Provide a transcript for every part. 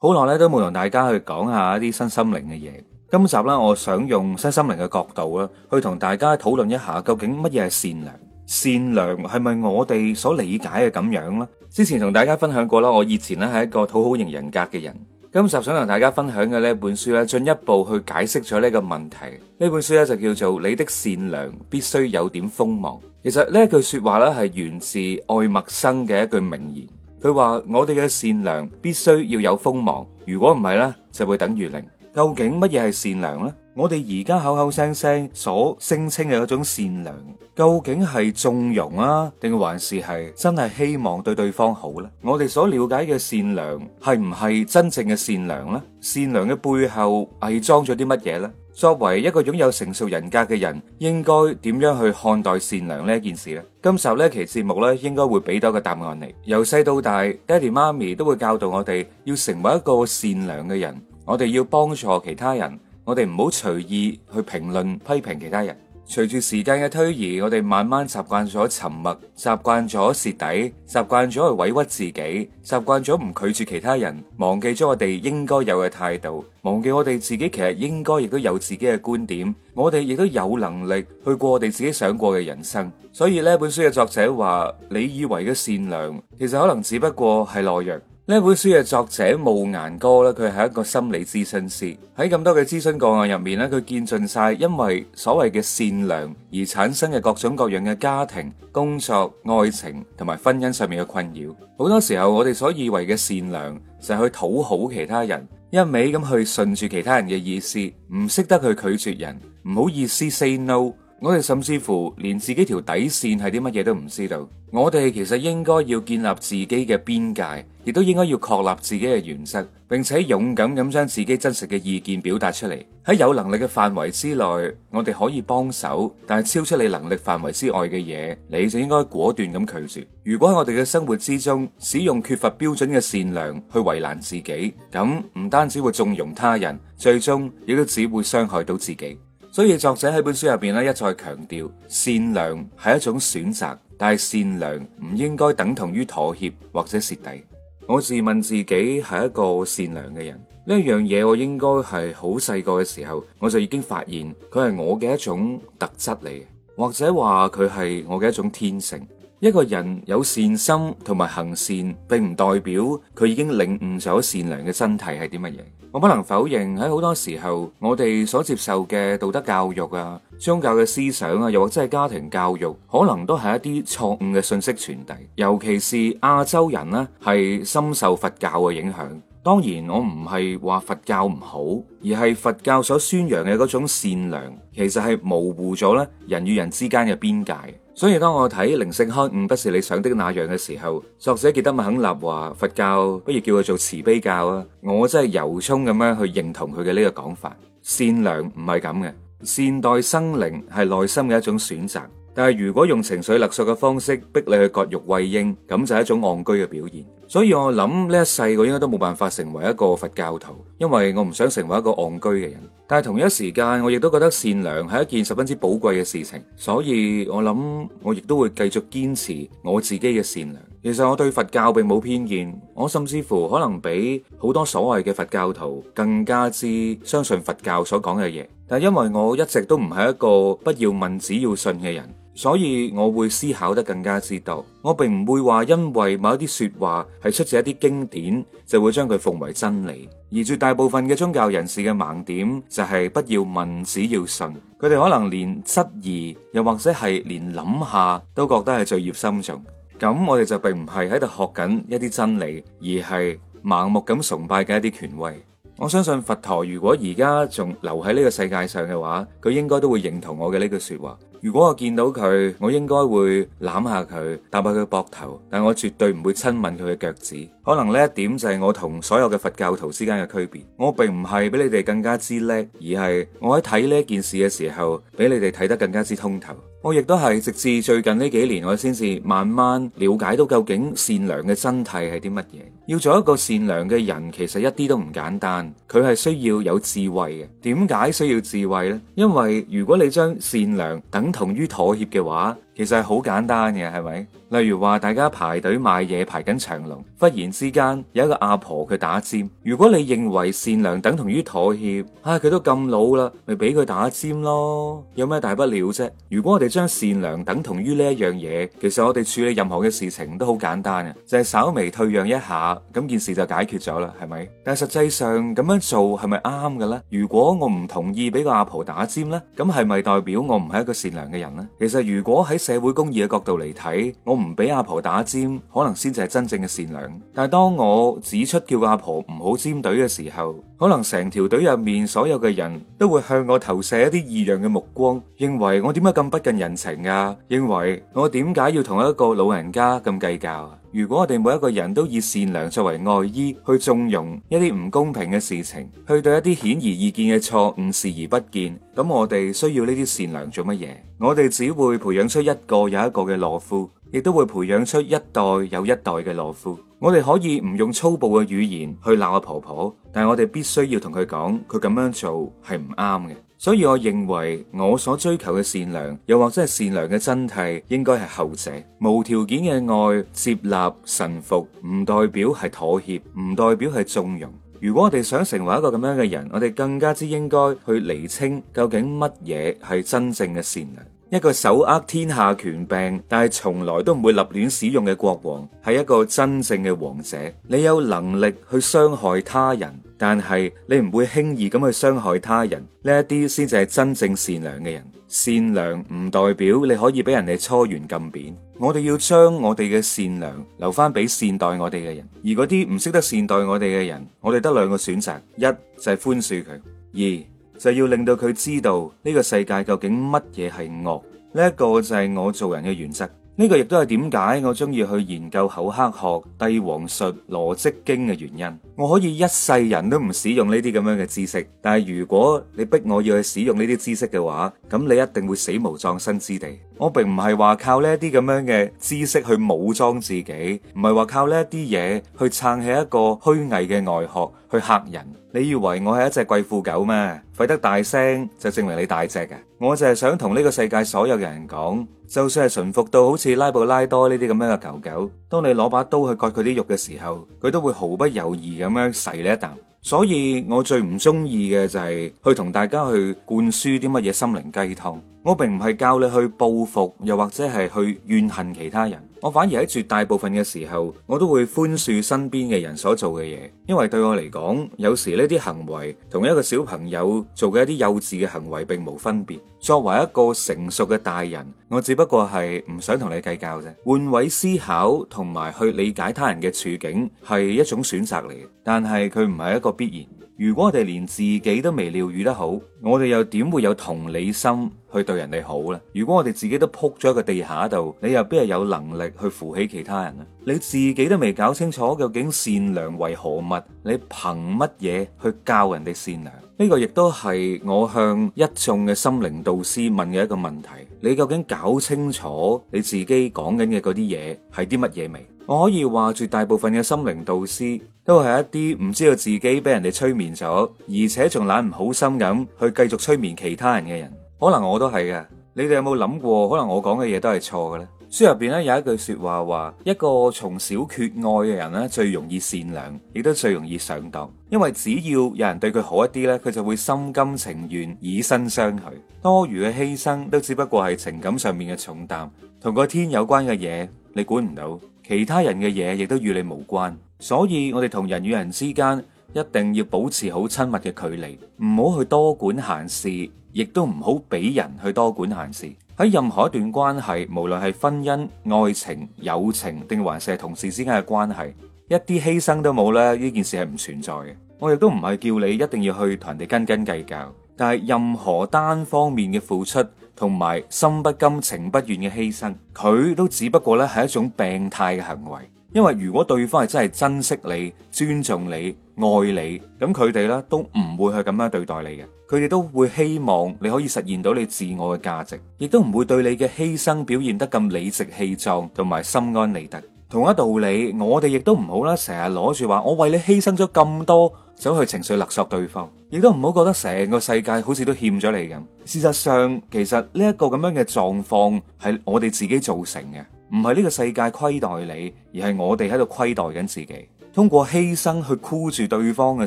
好耐咧都冇同大家去講下啲新心靈嘅嘢，今集咧我想用新心靈嘅角度啦，去同大家討論一下究竟乜嘢係善良？善良係咪我哋所理解嘅咁樣咧？之前同大家分享過啦，我以前咧係一個討好型人格嘅人。今集想同大家分享嘅呢一本書咧，進一步去解釋咗呢個問題。呢本書咧就叫做《你的善良必須有點鋒芒》。其實呢一句說話咧係源自愛默生嘅一句名言。佢話：我哋嘅善良必須要有鋒芒，如果唔係咧，就會等於零。究竟乜嘢係善良呢？我哋而家口口聲聲所聲稱嘅嗰種善良，究竟係縱容啊，定還是係真係希望對對方好呢？我哋所了解嘅善良係唔係真正嘅善良呢？善良嘅背後偽裝咗啲乜嘢呢？作為一個擁有成熟人格嘅人，應該點樣去看待善良呢件事呢？今集呢期節目咧，應該會俾到個答案嚟。由細到大，爹地媽咪都會教導我哋要成為一個善良嘅人，我哋要幫助其他人，我哋唔好隨意去評論批評其他人。隨住時間嘅推移，我哋慢慢習慣咗沉默，習慣咗蝕底，習慣咗去委屈自己，習慣咗唔拒絕其他人，忘記咗我哋應該有嘅態度，忘記我哋自己其實應該亦都有自己嘅觀點，我哋亦都有能力去過我哋自己想過嘅人生。所以呢本書嘅作者話：你以為嘅善良，其實可能只不過係懦弱。呢本書嘅作者慕顏歌咧，佢係一個心理諮詢師。喺咁多嘅諮詢個案入面咧，佢見盡晒因為所謂嘅善良而產生嘅各種各樣嘅家庭、工作、愛情同埋婚姻上面嘅困擾。好多時候我哋所以為嘅善良，就係去討好其他人，一味咁去順住其他人嘅意思，唔識得去拒絕人，唔好意思 say no。我哋甚至乎連自己條底線係啲乜嘢都唔知道。我哋其實應該要建立自己嘅邊界，亦都應該要確立自己嘅原則，並且勇敢咁將自己真實嘅意見表達出嚟。喺有能力嘅範圍之內，我哋可以幫手，但係超出你能力範圍之外嘅嘢，你就應該果斷咁拒絕。如果喺我哋嘅生活之中使用缺乏標準嘅善良去為難自己，咁唔單止會縱容他人，最終亦都只會傷害到自己。所以作者喺本書入邊咧一再強調善良係一種選擇，但係善良唔應該等同於妥協或者蝕底。我自問自己係一個善良嘅人呢一樣嘢，我應該係好細個嘅時候我就已經發現佢係我嘅一種特質嚟嘅，或者話佢係我嘅一種天性。一個人有善心同埋行善，並唔代表佢已經領悟咗善良嘅真諦係啲乜嘢。我不能否認喺好多時候，我哋所接受嘅道德教育啊、宗教嘅思想啊，又或者係家庭教育，可能都係一啲錯誤嘅信息傳遞。尤其是亞洲人呢，係深受佛教嘅影響。當然，我唔係話佛教唔好，而係佛教所宣揚嘅嗰種善良，其實係模糊咗咧人與人之間嘅邊界。所以，當我睇《靈性開悟不是你想的那樣》嘅時候，作者傑德麥肯納話佛教不如叫佢做慈悲教啊！我真係由衷咁樣去認同佢嘅呢個講法。善良唔係咁嘅，善待生靈係內心嘅一種選擇。但係如果用情緒勒索嘅方式逼你去割肉餵鷹，咁就係一種戇居嘅表現。所以我諗呢一世我應該都冇辦法成為一個佛教徒，因為我唔想成為一個戇居嘅人。但係同一時間，我亦都覺得善良係一件十分之寶貴嘅事情。所以我諗我亦都會繼續堅持我自己嘅善良。其實我對佛教並冇偏見，我甚至乎可能比好多所謂嘅佛教徒更加之相信佛教所講嘅嘢。但係因為我一直都唔係一個不要問只要信嘅人。所以我會思考得更加知道，我並唔會話因為某一啲說話係出自一啲經典，就會將佢奉為真理。而絕大部分嘅宗教人士嘅盲點就係不要問，只要信。佢哋可能連質疑，又或者係連諗下都覺得係罪孽深重。咁我哋就並唔係喺度學緊一啲真理，而係盲目咁崇拜嘅一啲權威。我相信佛陀如果而家仲留喺呢個世界上嘅話，佢應該都會認同我嘅呢句說話。如果我見到佢，我應該會攬下佢，搭下佢膊頭，但我絕對唔會親吻佢嘅腳趾。可能呢一點就係我同所有嘅佛教徒之間嘅區別。我並唔係比你哋更加之叻，而係我喺睇呢件事嘅時候，比你哋睇得更加之通透。我亦都係，直至最近呢幾年，我先至慢慢了解到究竟善良嘅真諦係啲乜嘢。要做一個善良嘅人，其實一啲都唔簡單。佢係需要有智慧嘅。點解需要智慧呢？因為如果你將善良等同於妥協嘅話，其實係好簡單嘅，係咪？例如話，大家排隊買嘢排緊長龍，忽然之間有一個阿婆佢打尖。如果你認為善良等同於妥協，唉，佢都咁老啦，咪俾佢打尖咯，有咩大不了啫？如果我哋將善良等同於呢一樣嘢，其實我哋處理任何嘅事情都好簡單嘅，就係稍微退讓一下，咁件事就解決咗啦，係咪？但係實際上咁樣做係咪啱嘅咧？如果我唔同意俾個阿婆打尖咧，咁係咪代表我唔係一個善良嘅人呢？其實如果喺社會公義嘅角度嚟睇，我唔俾阿婆打尖，可能先至係真正嘅善良。但係當我指出叫阿婆唔好尖隊嘅時候，可能成條隊入面所有嘅人都會向我投射一啲異樣嘅目光，認為我點解咁不近人情啊？認為我點解要同一個老人家咁計較啊？如果我哋每一個人都以善良作為外衣去縱容一啲唔公平嘅事情，去對一啲顯而易見嘅錯誤視而不見，咁我哋需要呢啲善良做乜嘢？我哋只會培養出一個又一個嘅懦夫，亦都會培養出一代又一代嘅懦夫。我哋可以唔用粗暴嘅語言去鬧我婆婆，但係我哋必須要同佢講，佢咁樣做係唔啱嘅。所以我認為我所追求嘅善良，又或者係善良嘅真諦，應該係後者。無條件嘅愛接納臣服，唔代表係妥協，唔代表係縱容。如果我哋想成為一個咁樣嘅人，我哋更加之應該去厘清究竟乜嘢係真正嘅善良。一個手握天下權柄，但係從來都唔會立亂使用嘅國王，係一個真正嘅王者。你有能力去傷害他人，但係你唔會輕易咁去傷害他人，呢一啲先至係真正善良嘅人。善良唔代表你可以俾人哋搓圓撳扁，我哋要將我哋嘅善良留翻俾善待我哋嘅人，而嗰啲唔識得善待我哋嘅人，我哋得兩個選擇：一就係、是、寬恕佢，二。就要令到佢知道呢、這個世界究竟乜嘢係惡，呢、這、一個就係我做人嘅原則。呢、這個亦都係點解我中意去研究口黑學、帝王術、羅織經嘅原因。我可以一世人都唔使用呢啲咁樣嘅知識，但係如果你逼我要去使用呢啲知識嘅話，咁你一定會死無葬身之地。我並唔係話靠呢啲咁樣嘅知識去武裝自己，唔係話靠呢啲嘢去撐起一個虛偽嘅外殼。去嚇人，你以為我係一隻貴婦狗咩？吠得大聲就證明你大隻嘅。我就係想同呢個世界所有嘅人講，就算係馴服到好似拉布拉多呢啲咁樣嘅狗狗，當你攞把刀去割佢啲肉嘅時候，佢都會毫不猶豫咁樣噬你一啖。所以我最唔中意嘅就係、是，去同大家去灌輸啲乜嘢心靈雞湯。我並唔係教你去報復，又或者係去怨恨其他人。我反而喺絕大部分嘅時候，我都會寬恕身邊嘅人所做嘅嘢，因為對我嚟講，有時呢啲行為，同一個小朋友做嘅一啲幼稚嘅行為並冇分別。作為一個成熟嘅大人，我只不過係唔想同你計較啫。換位思考同埋去理解他人嘅處境，係一種選擇嚟，但係佢唔係一個必然。如果我哋連自己都未療愈得好，我哋又點會有同理心去對人哋好呢？如果我哋自己都扑咗一個地下度，你又邊係有能力去扶起其他人咧？你自己都未搞清楚究竟善良為何物，你憑乜嘢去教人哋善良？呢個亦都係我向一眾嘅心靈導師問嘅一個問題：你究竟搞清楚你自己講緊嘅嗰啲嘢係啲乜嘢未？我可以話住，大部分嘅心靈導師都係一啲唔知道自己俾人哋催眠咗，而且仲懶唔好心咁去繼續催眠其他人嘅人。可能我都係噶。你哋有冇諗過，可能我講嘅嘢都係錯嘅呢？書入邊咧有一句說話，話一個從小缺愛嘅人咧，最容易善良，亦都最容易上當。因為只要有人對佢好一啲咧，佢就會心甘情願以身相許。多餘嘅犧牲都只不過係情感上面嘅重擔，同個天有關嘅嘢你管唔到。其他人嘅嘢亦都與你無關，所以我哋同人與人之間一定要保持好親密嘅距離，唔好去多管閒事，亦都唔好俾人去多管閒事。喺任何一段關係，無論係婚姻、愛情、友情，定還是係同事之間嘅關係，一啲犧牲都冇喇。呢件事係唔存在嘅。我亦都唔係叫你一定要去同人哋斤斤計較，但係任何單方面嘅付出。同埋心不甘情不願嘅犧牲，佢都只不過咧係一種病態嘅行為。因為如果對方係真係珍惜你、尊重你、愛你，咁佢哋咧都唔會去咁樣對待你嘅。佢哋都會希望你可以實現到你自我嘅價值，亦都唔會對你嘅犧牲表現得咁理直氣壯，同埋心安理得。同一道理，我哋亦都唔好啦，成日攞住話我為你犧牲咗咁多。走去情緒勒索對方，亦都唔好覺得成個世界好似都欠咗你咁。事實上，其實呢一個咁樣嘅狀況係我哋自己造成嘅，唔係呢個世界虧待你，而係我哋喺度虧待緊自己。通過犧牲去箍住對方嘅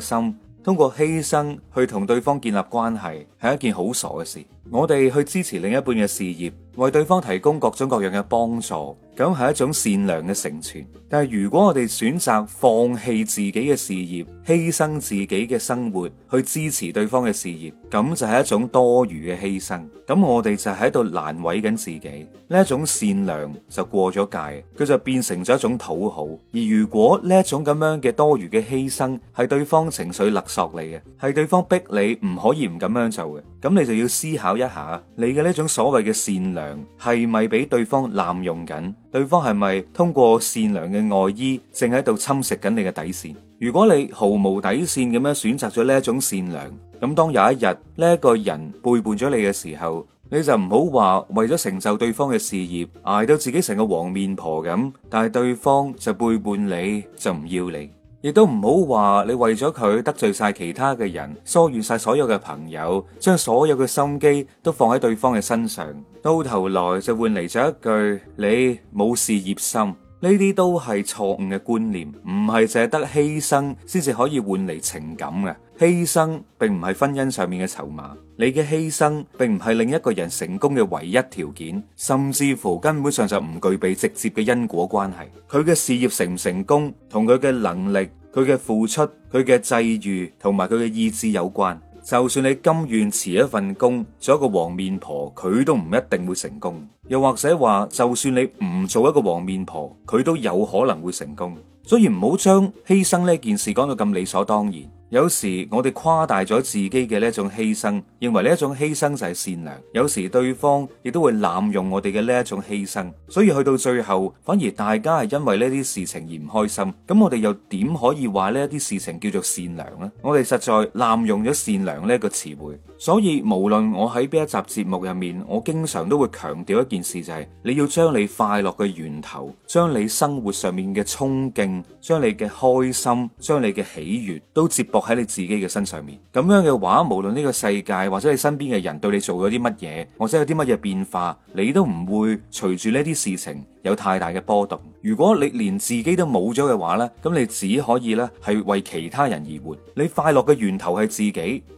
心，通過犧牲去同對方建立關係，係一件好傻嘅事。我哋去支持另一半嘅事業，為對方提供各種各樣嘅幫助，咁係一種善良嘅成全。但係如果我哋選擇放棄自己嘅事業，犧牲自己嘅生活去支持對方嘅事業，咁就係一種多餘嘅犧牲。咁我哋就喺度難為緊自己，呢一種善良就過咗界，佢就變成咗一種討好。而如果呢一種咁樣嘅多餘嘅犧牲係對方情緒勒索你嘅，係對方逼你唔可以唔咁樣做嘅，咁你就要思考一下，你嘅呢種所謂嘅善良係咪俾對方濫用緊？對方係咪通過善良嘅外衣，正喺度侵蝕緊你嘅底線？如果你毫無底線咁樣選擇咗呢一種善良，咁當有一日呢一個人背叛咗你嘅時候，你就唔好話為咗成就對方嘅事業，捱到自己成個黃面婆咁，但係對方就背叛你，就唔要你。亦都唔好話你為咗佢得罪晒其他嘅人，疏遠晒所有嘅朋友，將所有嘅心機都放喺對方嘅身上，到頭來就換嚟咗一句你冇事業心，呢啲都係錯誤嘅觀念，唔係淨係得犧牲先至可以換嚟情感嘅，犧牲並唔係婚姻上面嘅籌碼。你嘅犧牲並唔係另一個人成功嘅唯一條件，甚至乎根本上就唔具備直接嘅因果關係。佢嘅事業成唔成功，同佢嘅能力、佢嘅付出、佢嘅際遇同埋佢嘅意志有關。就算你甘願辭一份工，做一個黃面婆，佢都唔一定會成功。又或者話，就算你唔做一個黃面婆，佢都有可能會成功。所以唔好將犧牲呢件事講到咁理所當然。有時我哋誇大咗自己嘅呢種犧牲，認為呢一種犧牲就係善良。有時對方亦都會濫用我哋嘅呢一種犧牲，所以去到最後反而大家係因為呢啲事情而唔開心。咁我哋又點可以話呢一啲事情叫做善良呢？我哋實在濫用咗善良呢個詞彙。所以無論我喺邊一集節目入面，我經常都會強調一。件事就係、是，你要將你快樂嘅源頭，將你生活上面嘅憧憬，將你嘅開心，將你嘅喜悅，都接駁喺你自己嘅身上面。咁樣嘅話，無論呢個世界或者你身邊嘅人對你做咗啲乜嘢，或者有啲乜嘢變化，你都唔會隨住呢啲事情。有太大嘅波動。如果你連自己都冇咗嘅話呢，咁你只可以呢係為其他人而活。你快樂嘅源頭係自己，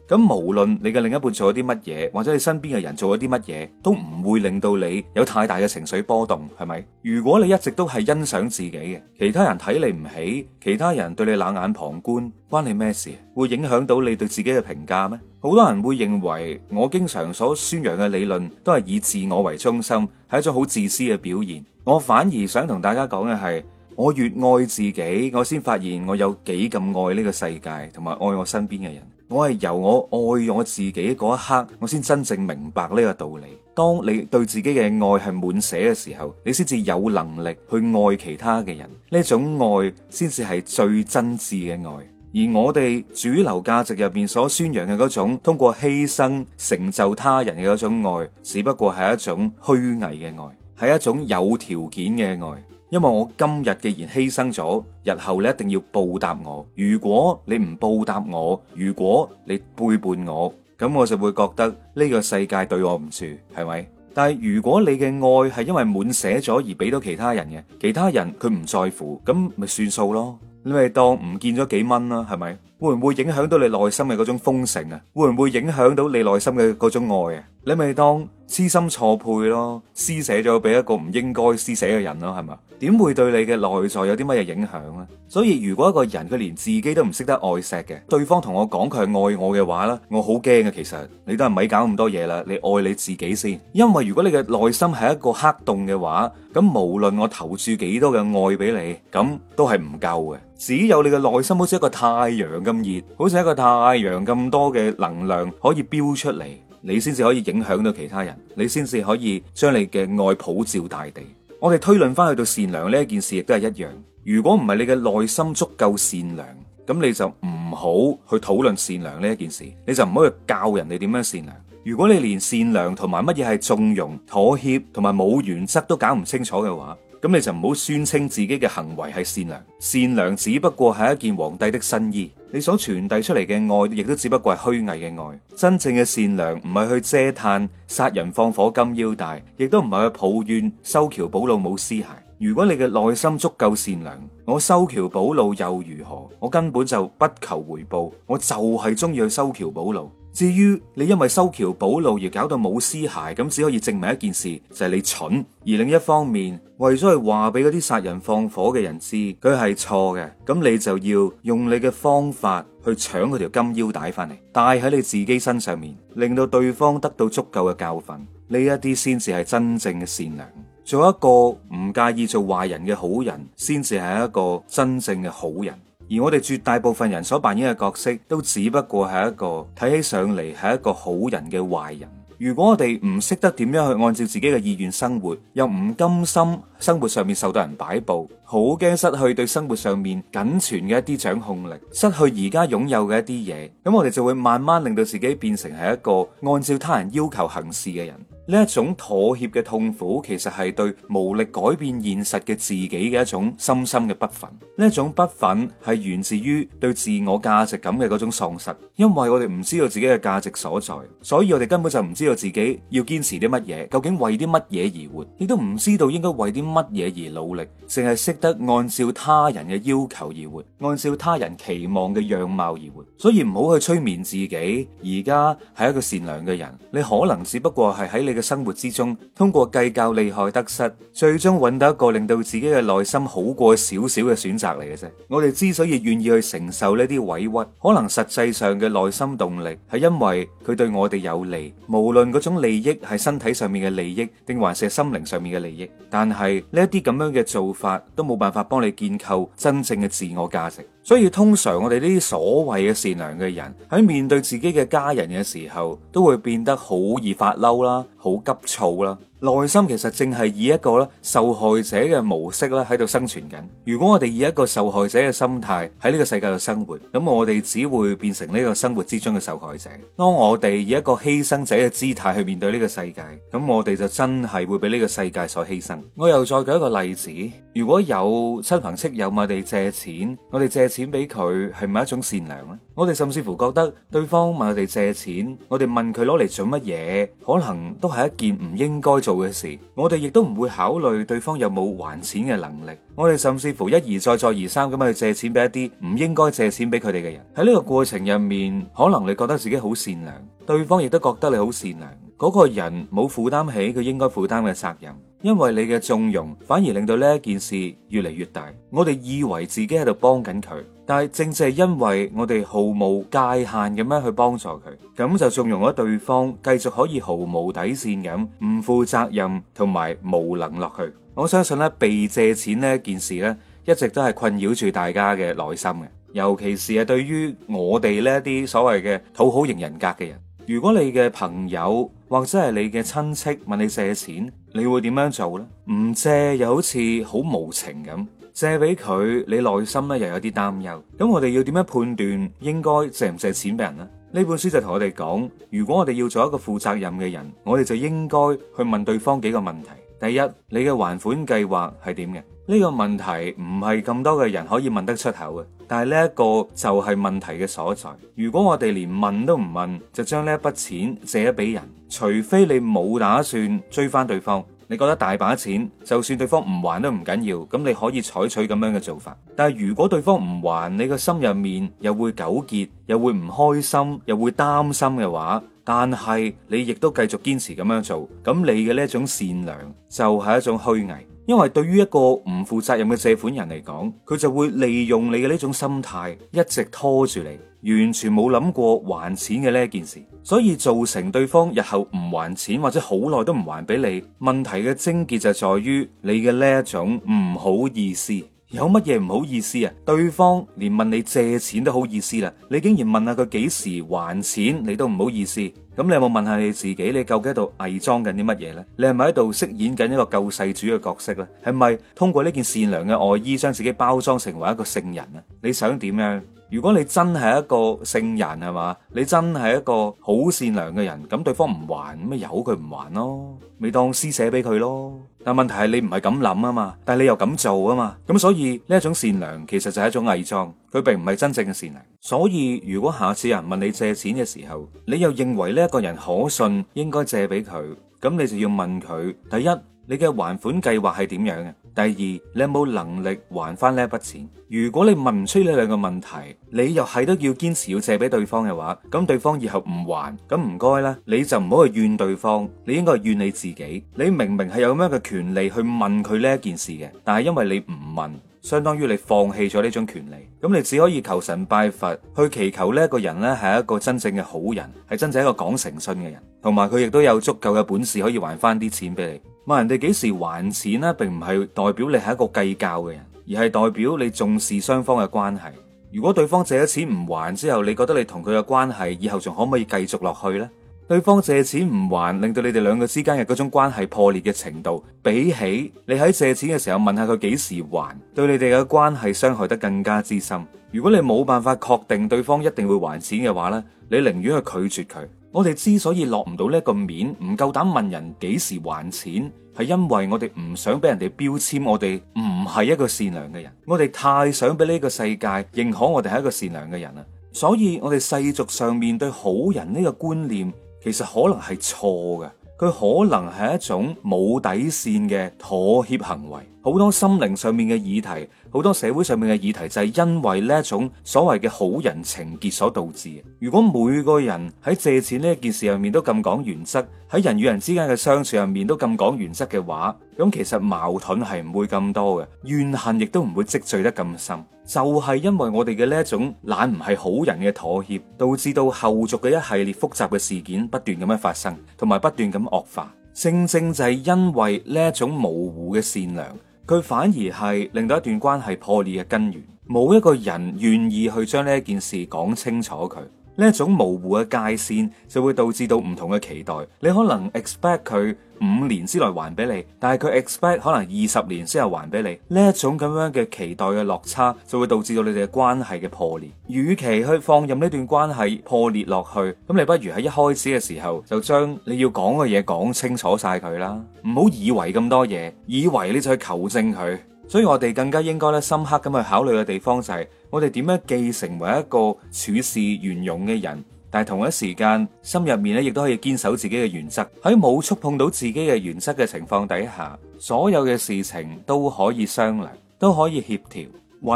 咁無論你嘅另一半做咗啲乜嘢，或者你身邊嘅人做咗啲乜嘢，都唔會令到你有太大嘅情緒波動，係咪？如果你一直都係欣賞自己嘅，其他人睇你唔起，其他人對你冷眼旁觀，關你咩事？會影響到你對自己嘅評價咩？好多人會認為我經常所宣揚嘅理論都係以自我為中心，係一種好自私嘅表現。我反而想同大家講嘅係，我越愛自己，我先發現我有幾咁愛呢個世界，同埋愛我身邊嘅人。我係由我愛我自己嗰一刻，我先真正明白呢個道理。當你對自己嘅愛係滿寫嘅時候，你先至有能力去愛其他嘅人。呢種愛先至係最真摯嘅愛。而我哋主流價值入邊所宣揚嘅嗰種通過犧牲成就他人嘅嗰種愛，只不過係一種虛偽嘅愛。係一種有條件嘅愛，因為我今日既然犧牲咗，日後你一定要報答我。如果你唔報答我，如果你背叛我，咁我就會覺得呢個世界對我唔住，係咪？但係如果你嘅愛係因為滿瀉咗而俾到其他人嘅，其他人佢唔在乎，咁咪算數咯？你咪當唔見咗幾蚊啦，係咪？會唔會影響到你內心嘅嗰種豐盛啊？會唔會影響到你內心嘅嗰種愛啊？你咪當痴心錯配咯，施捨咗俾一個唔應該施捨嘅人咯，係嘛？點會對你嘅內在有啲乜嘢影響呢？所以如果一個人佢連自己都唔識得愛錫嘅，對方同我講佢係愛我嘅話呢，我好驚啊！其實你都係咪搞咁多嘢啦？你愛你自己先，因為如果你嘅內心係一個黑洞嘅話，咁無論我投注幾多嘅愛俾你，咁都係唔夠嘅。只有你嘅內心好似一個太陽咁熱，好似一個太陽咁多嘅能量可以飆出嚟，你先至可以影響到其他人，你先至可以將你嘅愛普照大地。我哋推論翻去到善良呢件事亦都係一樣。如果唔係你嘅內心足夠善良，咁你就唔好去討論善良呢件事，你就唔好去教人哋點樣善良。如果你連善良同埋乜嘢係縱容、妥協同埋冇原則都搞唔清楚嘅話，咁你就唔好宣稱自己嘅行為係善良。善良只不過係一件皇帝的新衣。你所傳遞出嚟嘅愛，亦都只不過係虛偽嘅愛。真正嘅善良，唔係去嗟嘆殺人放火金腰帶，亦都唔係去抱怨修橋補路冇屍骸。如果你嘅內心足夠善良，我修橋補路又如何？我根本就不求回報，我就係中意去修橋補路。至於你因為修橋補路而搞到冇屍骸，咁只可以證明一件事，就係、是、你蠢。而另一方面，為咗去話俾嗰啲殺人放火嘅人知佢係錯嘅，咁你就要用你嘅方法去搶佢條金腰帶翻嚟，戴喺你自己身上面，令到對方得到足夠嘅教訓，呢一啲先至係真正嘅善良。做一個唔介意做壞人嘅好人，先至係一個真正嘅好人。而我哋絕大部分人所扮演嘅角色，都只不過係一個睇起上嚟係一個好人嘅壞人。如果我哋唔識得點樣去按照自己嘅意願生活，又唔甘心生活上面受到人擺佈。好驚失去對生活上面僅存嘅一啲掌控力，失去而家擁有嘅一啲嘢，咁我哋就會慢慢令到自己變成係一個按照他人要求行事嘅人。呢一種妥協嘅痛苦，其實係對無力改變現實嘅自己嘅一種深深嘅不忿。呢一種不忿係源自於對自我價值感嘅嗰種喪失，因為我哋唔知道自己嘅價值所在，所以我哋根本就唔知道自己要堅持啲乜嘢，究竟為啲乜嘢而活，亦都唔知道應該為啲乜嘢而努力，淨係識。得按照他人嘅要求而活，按照他人期望嘅樣貌而活，所以唔好去催眠自己。而家係一個善良嘅人，你可能只不過係喺你嘅生活之中，通過計較利害得失，最終揾到一個令到自己嘅內心好過少少嘅選擇嚟嘅啫。我哋之所以願意去承受呢啲委屈，可能實際上嘅內心動力係因為佢對我哋有利，無論嗰種利益係身體上面嘅利益，定還是心靈上面嘅利益。但係呢一啲咁樣嘅做法都。冇辦法幫你建構真正嘅自我價值。所以通常我哋呢啲所謂嘅善良嘅人，喺面對自己嘅家人嘅時候，都會變得好易發嬲啦，好急躁啦。內心其實正係以一個咧受害者嘅模式咧喺度生存緊。如果我哋以一個受害者嘅心態喺呢個世界度生活，咁我哋只會變成呢個生活之中嘅受害者。當我哋以一個犧牲者嘅姿態去面對呢個世界，咁我哋就真係會俾呢個世界所犧牲。我又再舉一個例子，如果有親朋戚友問我哋借錢，我哋借。錢俾佢係咪一種善良咧？我哋甚至乎覺得對方問我哋借錢，我哋問佢攞嚟做乜嘢，可能都係一件唔應該做嘅事。我哋亦都唔會考慮對方有冇還錢嘅能力。我哋甚至乎一而再再而三咁去借錢俾一啲唔應該借錢俾佢哋嘅人。喺呢個過程入面，可能你覺得自己好善良，對方亦都覺得你好善良。嗰個人冇負擔起佢應該負擔嘅責任。因為你嘅縱容，反而令到呢一件事越嚟越大。我哋以為自己喺度幫緊佢，但係正正係因為我哋毫無界限咁樣去幫助佢，咁就縱容咗對方繼續可以毫無底線咁唔負責任同埋無能落去。我相信咧，被借錢呢件事咧，一直都係困擾住大家嘅內心嘅，尤其是係，對於我哋呢啲所謂嘅討好型人格嘅人。如果你嘅朋友或者係你嘅親戚問你借錢，你會點樣做咧？唔借又好似好無情咁，借俾佢，你內心咧又有啲擔憂。咁我哋要點樣判斷應該借唔借錢俾人咧？呢本書就同我哋講，如果我哋要做一個負責任嘅人，我哋就應該去問對方幾個問題。第一，你嘅還款計劃係點嘅？呢個問題唔係咁多嘅人可以問得出口嘅，但係呢一個就係問題嘅所在。如果我哋連問都唔問，就將呢一筆錢借咗俾人，除非你冇打算追翻對方，你覺得大把錢，就算對方唔還都唔緊要，咁你可以採取咁樣嘅做法。但係如果對方唔還，你個心入面又會糾結，又會唔開心，又會擔心嘅話，但係你亦都繼續堅持咁樣做，咁你嘅呢一種善良就係一種虛偽。因為對於一個唔負責任嘅借款人嚟講，佢就會利用你嘅呢種心態，一直拖住你，完全冇諗過還錢嘅呢件事，所以造成對方日後唔還錢或者好耐都唔還俾你。問題嘅症結就在於你嘅呢一種唔好意思。有乜嘢唔好意思啊？對方連問你借錢都好意思啦，你竟然問下佢幾時還錢，你都唔好意思。咁你有冇問下你自己？你究竟喺度偽裝緊啲乜嘢呢？你係咪喺度飾演緊一個救世主嘅角色咧？係咪通過呢件善良嘅外衣，將自己包裝成為一個聖人咧？你想點樣？如果你真係一個聖人係嘛，你真係一個好善良嘅人，咁對方唔還，咪由佢唔還咯，咪當施捨俾佢咯。但係問題係你唔係咁諗啊嘛，但係你又咁做啊嘛，咁所以呢一種善良其實就係一種偽裝，佢並唔係真正嘅善良。所以如果下次有人問你借錢嘅時候，你又認為呢一個人可信，應該借俾佢，咁你就要問佢第一。你嘅還款計劃係點樣嘅？第二，你有冇能力還翻呢一筆錢？如果你問唔出呢兩個問題，你又係都要堅持要借俾對方嘅話，咁對方以後唔還，咁唔該啦，你就唔好去怨對方，你應該怨你自己。你明明係有咁樣嘅權利去問佢呢一件事嘅，但係因為你唔問。相當於你放棄咗呢種權利，咁你只可以求神拜佛去祈求呢個人呢，係一個真正嘅好人，係真正一個講誠信嘅人，同埋佢亦都有足夠嘅本事可以還翻啲錢俾你。問人哋幾時還錢呢？並唔係代表你係一個計較嘅人，而係代表你重視雙方嘅關係。如果對方借咗錢唔還之後，你覺得你同佢嘅關係以後仲可唔可以繼續落去呢？對方借錢唔還，令到你哋兩個之間嘅嗰種關係破裂嘅程度，比起你喺借錢嘅時候問下佢幾時還，對你哋嘅關係傷害得更加之深。如果你冇辦法確定對方一定會還錢嘅話呢，你寧願去拒絕佢。我哋之所以落唔到呢個面，唔夠膽問人幾時還錢，係因為我哋唔想俾人哋標籤，我哋唔係一個善良嘅人。我哋太想俾呢個世界認可我哋係一個善良嘅人啦，所以我哋世俗上面對好人呢個觀念。其實可能係錯嘅，佢可能係一種冇底線嘅妥協行為，好多心靈上面嘅議題。好多社會上面嘅議題就係因為呢一種所謂嘅好人情結所導致。如果每個人喺借錢呢件事上面都咁講原則，喺人與人之間嘅相處入面都咁講原則嘅話，咁其實矛盾係唔會咁多嘅，怨恨亦都唔會積聚得咁深。就係因為我哋嘅呢一種懶唔係好人嘅妥協，導致到後續嘅一系列複雜嘅事件不斷咁樣發生，同埋不斷咁惡化。正正就係因為呢一種模糊嘅善良。佢反而係令到一段關係破裂嘅根源，冇一個人願意去將呢件事講清楚佢。呢一種模糊嘅界線，就會導致到唔同嘅期待。你可能 expect 佢五年之內還俾你，但係佢 expect 可能二十年之後還俾你。呢一種咁樣嘅期待嘅落差，就會導致到你哋嘅關係嘅破裂。與其去放任呢段關係破裂落去，咁你不如喺一開始嘅時候就將你要講嘅嘢講清楚晒佢啦。唔好以為咁多嘢，以為你就去求證佢。所以我哋更加應該咧深刻咁去考慮嘅地方就係、是。我哋點樣既成為一個處事圓融嘅人，但係同一時間心入面咧，亦都可以堅守自己嘅原則。喺冇觸碰到自己嘅原則嘅情況底下，所有嘅事情都可以商量，都可以協調，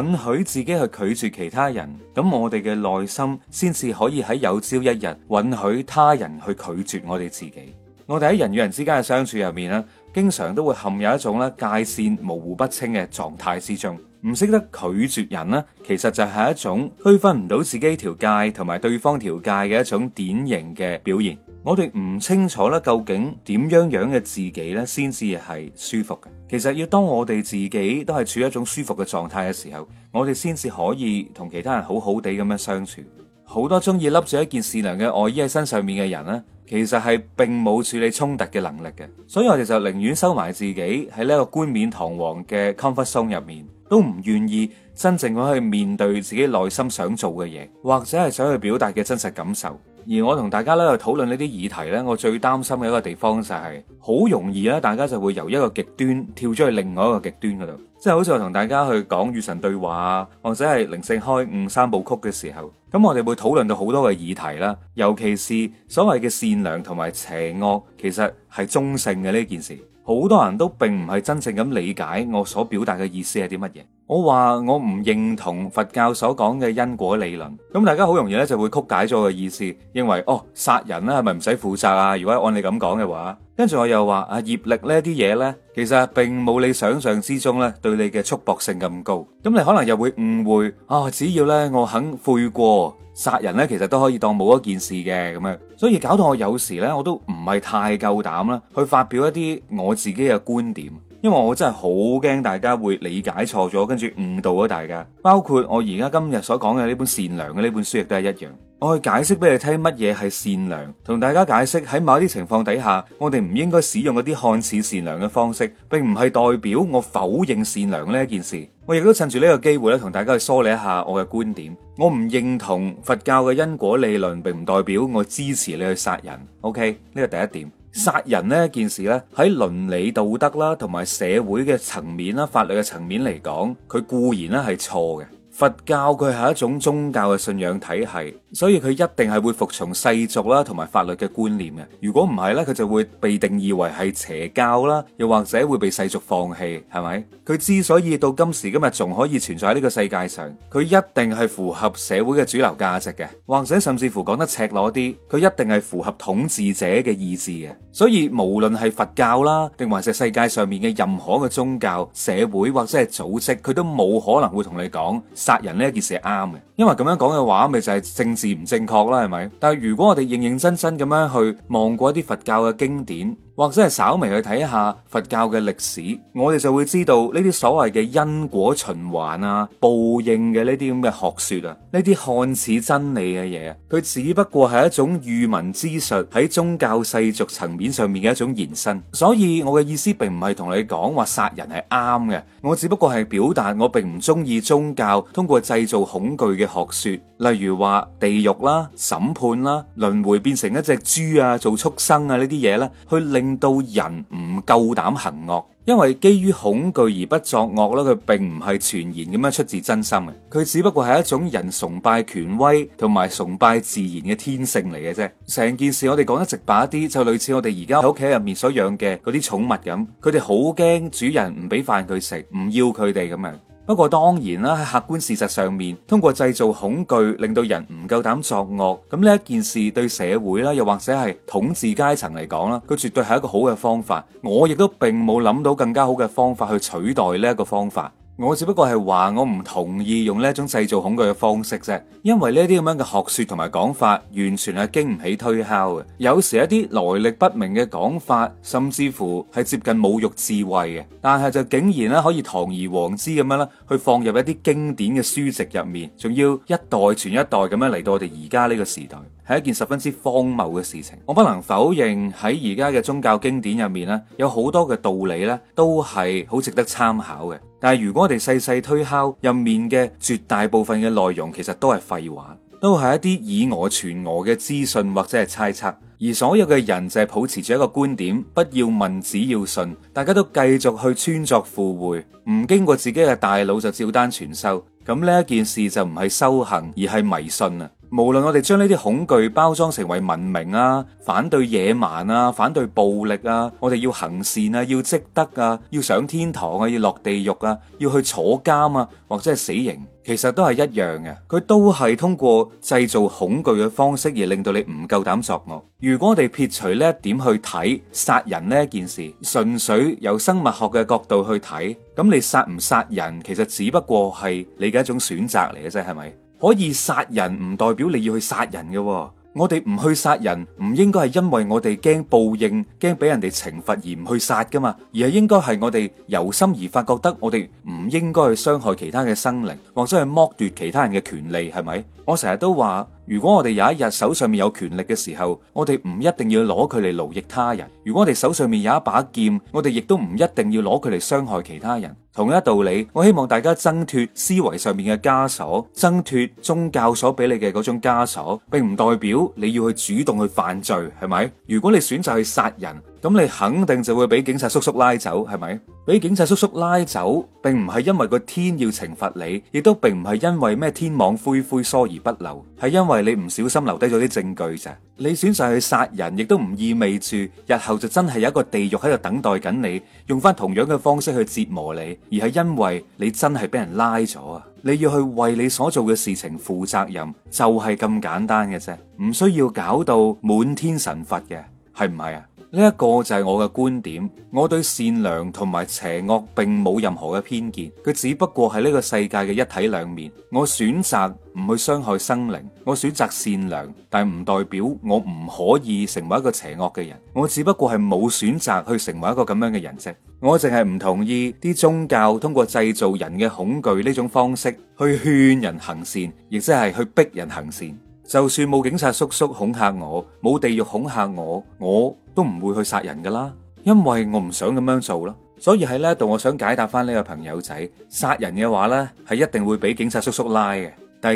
允許自己去拒絕其他人。咁我哋嘅內心先至可以喺有朝一日允許他人去拒絕我哋自己。我哋喺人與人之間嘅相處入面咧，經常都會陷入一種咧界線模糊不清嘅狀態之中。唔識得拒絕人咧，其實就係一種區分唔到自己條界同埋對方條界嘅一種典型嘅表現。我哋唔清楚咧，究竟點樣樣嘅自己呢？先至係舒服嘅。其實要當我哋自己都係處於一種舒服嘅狀態嘅時候，我哋先至可以同其他人好好地咁樣相處。好多中意笠住一件善良嘅外衣喺身上面嘅人呢，其實係並冇處理衝突嘅能力嘅，所以我哋就寧願收埋自己喺呢一個冠冕堂皇嘅 comfort zone 入面。都唔願意真正去面對自己內心想做嘅嘢，或者係想去表達嘅真實感受。而我同大家咧去討論呢啲議題呢，我最擔心嘅一個地方就係，好容易咧大家就會由一個極端跳咗去另外一個極端嗰度。即係好似我同大家去講與神對話，或者係靈性開悟三部曲嘅時候，咁我哋會討論到好多嘅議題啦。尤其是所謂嘅善良同埋邪惡，其實係中性嘅呢件事。好多人都並唔係真正咁理解我所表達嘅意思係啲乜嘢。我話我唔認同佛教所講嘅因果理論。咁大家好容易咧就會曲解咗我嘅意思，認為哦，殺人咧係咪唔使負責啊？如果按你咁講嘅話，跟住我又話啊業力呢啲嘢呢，其實並冇你想象之中咧對你嘅束縛性咁高。咁你可能又會誤會啊、哦、只要呢，我肯悔過。殺人咧，其實都可以當冇一件事嘅咁樣，所以搞到我有時咧，我都唔係太夠膽啦，去發表一啲我自己嘅觀點，因為我真係好驚大家會理解錯咗，跟住誤導咗大家。包括我而家今日所講嘅呢本善良嘅呢本書，亦都係一樣。我去解釋俾你聽乜嘢係善良，同大家解釋喺某啲情況底下，我哋唔應該使用嗰啲看似善良嘅方式，並唔係代表我否認善良呢件事。我亦都趁住呢個機會咧，同大家去梳理一下我嘅觀點。我唔認同佛教嘅因果理論，並唔代表我支持你去殺人。OK，呢個第一點，殺人呢件事咧喺倫理道德啦，同埋社會嘅層面啦、法律嘅層面嚟講，佢固然咧係錯嘅。佛教佢係一種宗教嘅信仰體系，所以佢一定係會服從世俗啦，同埋法律嘅觀念嘅。如果唔係呢，佢就會被定義為係邪教啦，又或者會被世俗放棄，係咪？佢之所以到今時今日仲可以存在喺呢個世界上，佢一定係符合社會嘅主流價值嘅，或者甚至乎講得赤裸啲，佢一定係符合統治者嘅意志嘅。所以無論係佛教啦，定還是世界上面嘅任何嘅宗教、社會或者係組織，佢都冇可能會同你講。殺人呢一件事係啱嘅，因為咁樣講嘅話，咪就係政治唔正確啦，係咪？但係如果我哋認認真真咁樣去望過一啲佛教嘅經典。或者係稍微去睇一下佛教嘅歷史，我哋就會知道呢啲所謂嘅因果循環啊、報應嘅呢啲咁嘅學説啊、呢啲看似真理嘅嘢，啊，佢只不過係一種愚民之術喺宗教世俗層面上面嘅一種延伸。所以，我嘅意思並唔係同你講話殺人係啱嘅，我只不過係表達我並唔中意宗教通過製造恐懼嘅學説，例如話地獄啦、啊、審判啦、啊、輪迴變成一隻豬啊、做畜生啊呢啲嘢啦，去令。令到人唔夠膽行惡，因為基於恐懼而不作惡咧，佢並唔係全然咁樣出自真心嘅，佢只不過係一種人崇拜權威同埋崇拜自然嘅天性嚟嘅啫。成件事我哋講得直白啲，就類似我哋而家喺屋企入面所養嘅嗰啲寵物咁，佢哋好驚主人唔俾飯佢食，唔要佢哋咁樣。不過當然啦，喺客觀事實上面，通過製造恐懼，令到人唔夠膽作惡，咁呢一件事對社會啦，又或者係統治階層嚟講啦，佢絕對係一個好嘅方法。我亦都並冇諗到更加好嘅方法去取代呢一個方法。我只不過係話我唔同意用呢種製造恐懼嘅方式啫，因為呢啲咁樣嘅學說同埋講法，完全係經唔起推敲嘅。有時一啲來歷不明嘅講法，甚至乎係接近侮辱智慧嘅，但係就竟然咧可以堂而皇之咁樣咧，去放入一啲經典嘅書籍入面，仲要一代傳一代咁樣嚟到我哋而家呢個時代，係一件十分之荒謬嘅事情。我不能否認喺而家嘅宗教經典入面咧，有好多嘅道理咧，都係好值得參考嘅。但係如果我哋細細推敲入面嘅絕大部分嘅內容，其實都係廢話，都係一啲以訛傳訛嘅資訊或者係猜測，而所有嘅人就係抱持住一個觀點：不要問，只要信。大家都繼續去穿鑿附會，唔經過自己嘅大腦就照單全收。咁呢一件事就唔係修行，而係迷信啊！無論我哋將呢啲恐懼包裝成為文明啊，反對野蠻啊，反對暴力啊，我哋要行善啊，要積德啊，要上天堂啊，要落地獄啊，要去坐監啊，或者係死刑，其實都係一樣嘅。佢都係通過製造恐懼嘅方式而令到你唔夠膽作惡。如果我哋撇除呢一點去睇殺人呢一件事，純粹由生物學嘅角度去睇，咁你殺唔殺人，其實只不過係你嘅一種選擇嚟嘅啫，係咪？可以殺人唔代表你要去殺人㗎喎。我哋唔去殺人，唔應該係因為我哋驚報應，驚俾人哋懲罰而唔去殺噶嘛，而係應該係我哋由心而發，覺得我哋唔應該去傷害其他嘅生靈，或者去剝奪其他人嘅權利，係咪？我成日都話，如果我哋有一日手上面有權力嘅時候，我哋唔一定要攞佢嚟奴役他人；如果我哋手上面有一把劍，我哋亦都唔一定要攞佢嚟傷害其他人。同一道理，我希望大家掙脫思維上面嘅枷鎖，掙脫宗教所俾你嘅嗰種枷鎖，並唔代表你要去主動去犯罪，係咪？如果你選擇去殺人。咁你肯定就會俾警察叔叔拉走，係咪？俾警察叔叔拉走，並唔係因為個天要懲罰你，亦都並唔係因為咩天網恢恢疏而不漏，係因為你唔小心留低咗啲證據啫。你選擇去殺人，亦都唔意味住日後就真係有一個地獄喺度等待緊你，用翻同樣嘅方式去折磨你，而係因為你真係俾人拉咗啊！你要去為你所做嘅事情負責任，就係、是、咁簡單嘅啫，唔需要搞到滿天神佛嘅，係唔係啊？呢一個就係我嘅觀點，我對善良同埋邪惡並冇任何嘅偏見，佢只不過係呢個世界嘅一體兩面。我選擇唔去傷害生靈，我選擇善良，但唔代表我唔可以成為一個邪惡嘅人。我只不過係冇選擇去成為一個咁樣嘅人啫。我淨係唔同意啲宗教通過製造人嘅恐懼呢種方式去勸人行善，亦即係去逼人行善。就算冇警察叔叔恐嚇我，冇地獄恐嚇我，我都唔會去殺人㗎啦，因為我唔想咁樣做囉。所以喺呢度，我想解答返呢個朋友仔，殺人嘅話呢，係一定會俾警察叔叔拉嘅。第二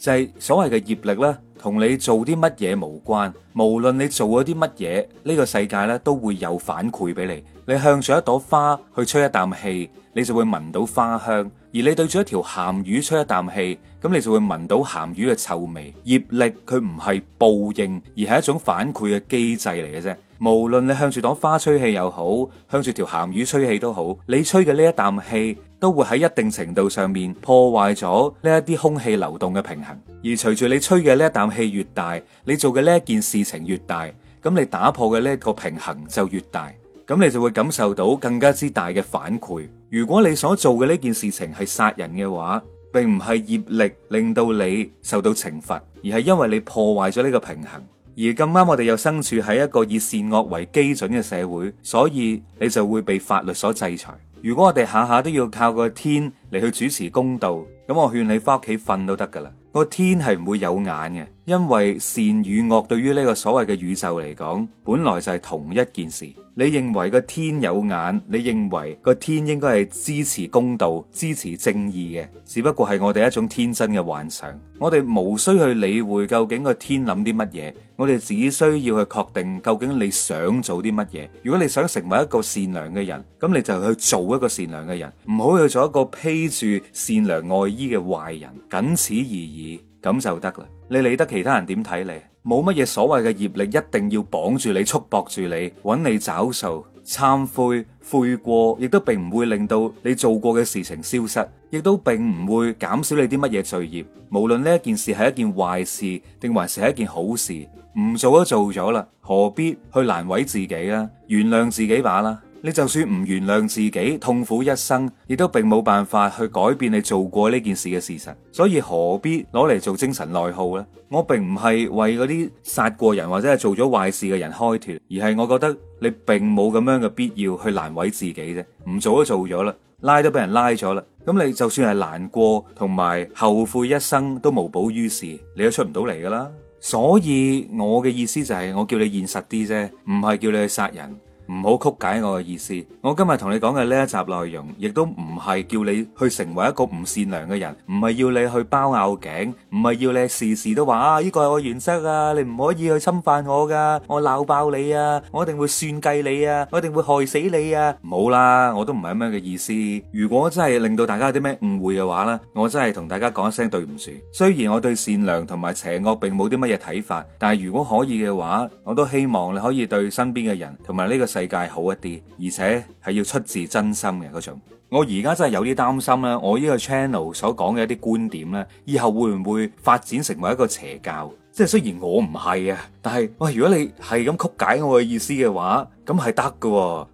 就係、是、所謂嘅業力咧，同你做啲乜嘢無關，無論你做咗啲乜嘢，呢、這個世界咧都會有反饋俾你。你向住一朵花去吹一啖氣，你就會聞到花香。而你對住一條鹹魚吹一啖氣，咁你就會聞到鹹魚嘅臭味。業力佢唔係報應，而係一種反饋嘅機制嚟嘅啫。無論你向住朵花吹氣又好，向住條鹹魚吹氣都好，你吹嘅呢一啖氣都會喺一定程度上面破壞咗呢一啲空氣流動嘅平衡。而隨住你吹嘅呢一啖氣越大，你做嘅呢一件事情越大，咁你打破嘅呢一個平衡就越大。咁你就會感受到更加之大嘅反饋。如果你所做嘅呢件事情係殺人嘅話，並唔係業力令到你受到懲罰，而係因為你破壞咗呢個平衡。而咁啱我哋又身處喺一個以善惡為基準嘅社會，所以你就會被法律所制裁。如果我哋下下都要靠個天嚟去主持公道，咁我勸你翻屋企瞓都得噶啦。個天係唔會有眼嘅。因為善與惡對於呢個所謂嘅宇宙嚟講，本來就係同一件事。你認為個天有眼，你認為個天應該係支持公道、支持正義嘅，只不過係我哋一種天真嘅幻想。我哋無需去理會究竟個天諗啲乜嘢，我哋只需要去確定究竟你想做啲乜嘢。如果你想成為一個善良嘅人，咁你就去做一個善良嘅人，唔好去做一個披住善良外衣嘅壞人，僅此而已，咁就得啦。你理得其他人點睇你，冇乜嘢所謂嘅業力一定要綁住你、束縛住你，搵你找數、懺悔、悔過，亦都並唔會令到你做過嘅事情消失，亦都並唔會減少你啲乜嘢罪業。無論呢一件事係一件壞事定還是係一件好事，唔做都做咗啦，何必去難為自己啊？原諒自己罷啦。你就算唔原諒自己，痛苦一生，亦都並冇辦法去改變你做過呢件事嘅事實。所以何必攞嚟做精神內耗呢？我並唔係為嗰啲殺過人或者係做咗壞事嘅人開脫，而係我覺得你並冇咁樣嘅必要去難為自己啫。唔做都做咗啦，拉都俾人拉咗啦。咁你就算係難過同埋後悔一生，都無補於事，你都出唔到嚟噶啦。所以我嘅意思就係我叫你現實啲啫，唔係叫你去殺人。唔好曲解我嘅意思。我今日同你講嘅呢一集內容，亦都唔係叫你去成為一個唔善良嘅人，唔係要你去包拗頸，唔係要你事事都話啊！呢個係我原則啊，你唔可以去侵犯我噶，我鬧爆你啊，我一定會算計你啊，我一定會害死你啊！冇啦，我都唔係咁樣嘅意思。如果真係令到大家有啲咩誤會嘅話咧，我真係同大家講一聲對唔住。雖然我對善良同埋邪惡並冇啲乜嘢睇法，但係如果可以嘅話，我都希望你可以對身邊嘅人同埋呢個。世界好一啲，而且係要出自真心嘅嗰種。我而家真係有啲擔心啦，我呢個 channel 所講嘅一啲觀點咧，以後會唔會發展成為一個邪教？即係雖然我唔係啊，但係喂，如果你係咁曲解我嘅意思嘅話。咁係得嘅，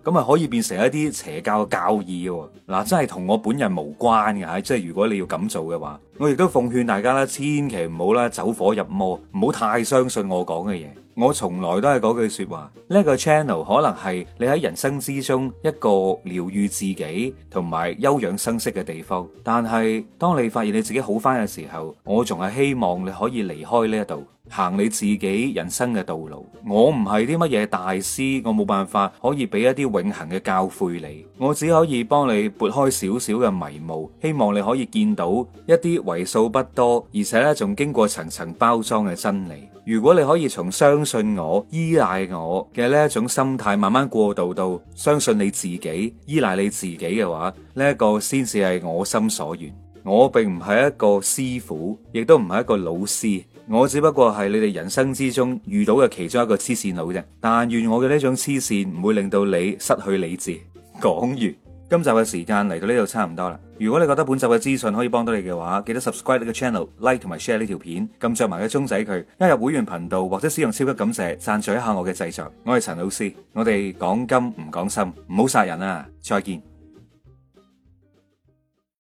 咁啊可,可以變成一啲邪教嘅教義嘅，嗱真係同我本人無關嘅，即係如果你要咁做嘅話，我亦都奉勸大家啦，千祈唔好啦，走火入魔，唔好太相信我講嘅嘢。我從來都係嗰句說話，呢、這個 channel 可能係你喺人生之中一個療愈自己同埋休養生息嘅地方，但係當你發現你自己好翻嘅時候，我仲係希望你可以離開呢一度。行你自己人生嘅道路，我唔係啲乜嘢大師，我冇辦法可以俾一啲永恒嘅教誨你，我只可以幫你撥開少少嘅迷霧，希望你可以見到一啲為數不多，而且咧仲經過層層包裝嘅真理。如果你可以從相信我、依賴我嘅呢一種心態，慢慢過渡到相信你自己、依賴你自己嘅話，呢一個先至係我心所願。我並唔係一個師傅，亦都唔係一個老師。我只不過係你哋人生之中遇到嘅其中一個黐線佬啫，但願我嘅呢種黐線唔會令到你失去理智。講完，今集嘅時間嚟到呢度差唔多啦。如果你覺得本集嘅資訊可以幫到你嘅話，記得 subscribe 呢個 channel、like 同埋 share 呢條片，撳着埋個鐘仔佢，加入會員頻道或者使用超級感謝贊助一下我嘅製作。我係陳老師，我哋講金唔講心，唔好殺人啊！再見。